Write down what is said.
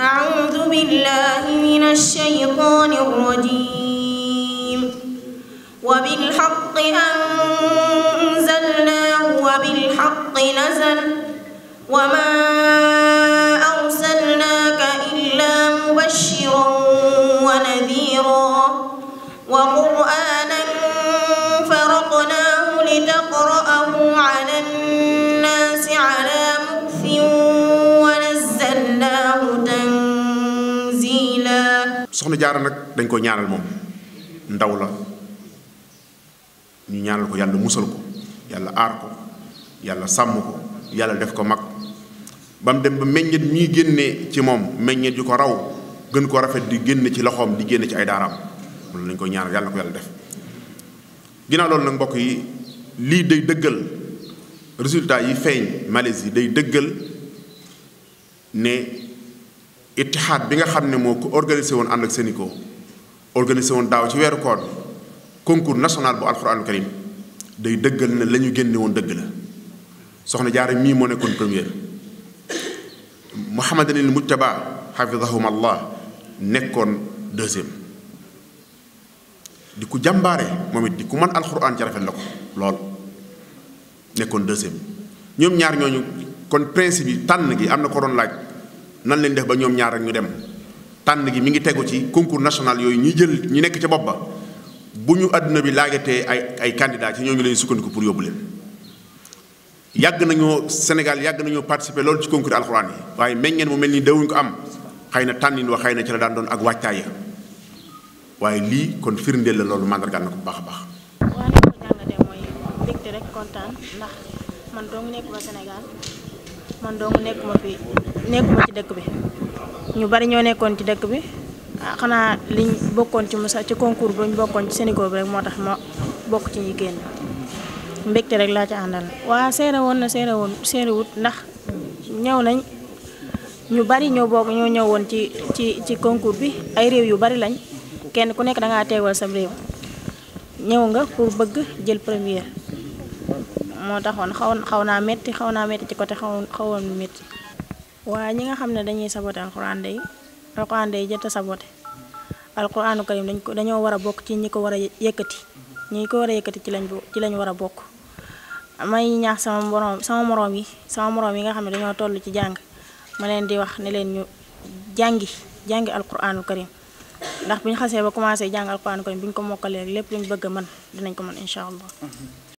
أعوذ بالله من الشيطان الرجيم وبالحق أنزلناه وبالحق نزل وما أرسلناك إلا مبشرا ونذيرا وقرآنا soxna jaara nag dañ koy ñaanal moom ndaw la ñu ñaanal ko yàlla musal ko yàlla aar ko yàlla sàmm ko yàlla def ko mag bam dem ba meññet ñuy génnee ci moom meññet yu ko raw gën koo rafet di génne ci loxoom di génne ci ay daaraam loolu lañ koy ñaanal yàlla ko yàlla def ginnaaw loolu nag mbokk yi lii day dëggal résultat yi feeñ Malaisie yi day dëggal ne ittihaad bi nga xam ne moo ko organisé woon ànd ak Sénico organisé woon daaw ci weeru koor bi concours national bu alxuraanul karim day dëggal ne la ñu génne woon dëgg la soxna jaara mii moo nekkoon première Mouhamadanil Mujtaba xafidahum allah nekkoon deuxième di ku jàmbaare moom it di ku mën alxuraan ci rafet la ko lool nekkoon deuxième ñoom ñaar ñooñu kon principe yi tànn gi am na ko doon laaj nan leen def ba ñoom ñaar rek ñu dem tànn gi mi ngi tegu ci concours national yooyu ñuy jël ñu nekk ca bopp ba bu ñu àdduna bi laajatee ay ay candidats ci ñooñu lañu sukkandiku pour yóbbu leen. yàgg nañoo Sénégal yàgg nañoo participer loolu ci concours alxuraan yi waaye meññeen mu mel ni dawuñ ko am xëy na tànnin wa xëy na ci la daan doon ak wàccaay ya waaye lii kon firndeel la loolu màndargaal na ko bu baax baax. nekkuma ci dëkk bi ñu bari ñoo nekkoon ci dëkk bi ah, xanaa liñ bokkoon ci musa ci concours bi ñu bokkoon ci Sénégal bi rek moo tax ma bokk ci ñi génn mbégte rek laa ci àndal waa seere woon na seere woon seere wut ndax ñëw nañ ñu bari ñoo bokk ñoo ñëw woon ci ci ci concours bi ay réew yu bari lañ kenn ku nekk dangaa teewal sam réew ñëw nga pour bëgg jël première moo taxoon xaw xaw naa metti xaw naa metti ci côté xaw xawoon metti waaye ñi nga xam ne dañuy saboté alxuraan day alxuraan day jot a saboté alxuraanu karim dañ ko dañoo war a bokk ci ñi ko war a yëkkati ñi ko war a ci lañ ci lañ war a bokk may ñaax sama moroom sama moroom yi sama moroom yi nga xam ne dañoo toll ci jàng ma leen di wax ne leen ñu jàngi jàngi alxuraanu karim ndax bu ñu xasee ba commencé jàng alxuraanu karim bu ñu ko mokkalee lépp luñ bëgg a mën dinañ ko mën incha allah.